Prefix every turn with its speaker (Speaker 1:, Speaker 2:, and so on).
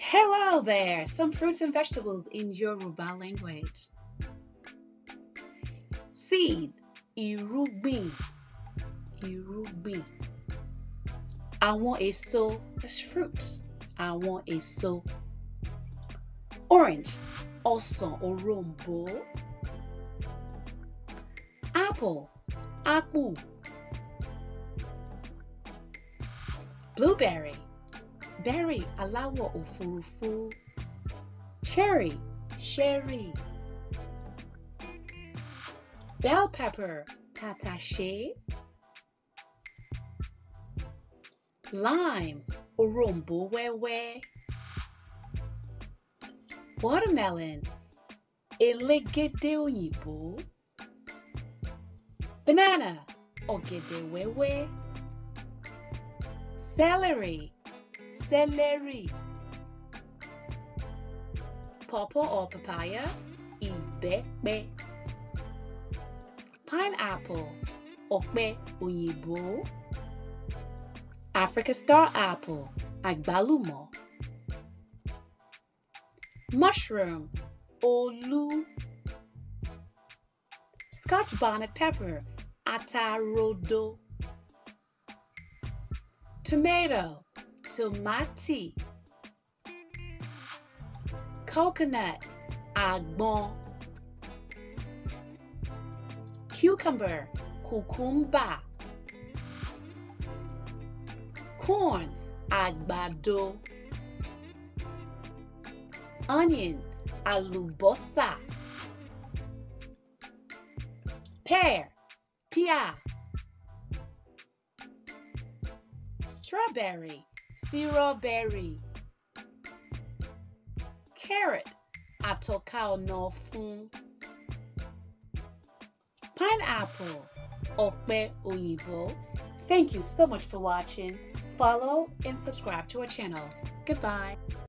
Speaker 1: Hello there! Some fruits and vegetables in Yoruba language. Seed, irúgbìn, irúgbìn. Àwọn èso is fruit. a so. Orange, ọsàn òrombó. Apple, apple. Blueberry, berry aláwọ̀ òfurufú cherry sherry bell pepper tatache, lime òrombó wẹ́wẹ́ watermelon elégédé òyìnbó banana ọ̀gẹ̀dẹ̀ wẹ́wẹ́ celery celery, pawpaw or papaya, ìbẹ́pẹ, pineapple, ọ̀pẹ òyìnbó, Africa star apple, àgbálùmọ̀, mushroom, olú, scotch bonnet pepper, atarodo, tomato, tea. coconut, agbon, cucumber, kukumba, corn, àgbàdo, onion, àlùbọ́sà, pear, pia, strawberry, Ciro berry. Carrot, àtọ́ka no fun. Pineapple, ọ̀pẹ òyìnbó. Thank you so much for watching. Follow and subscribe to our channels. Goodbye.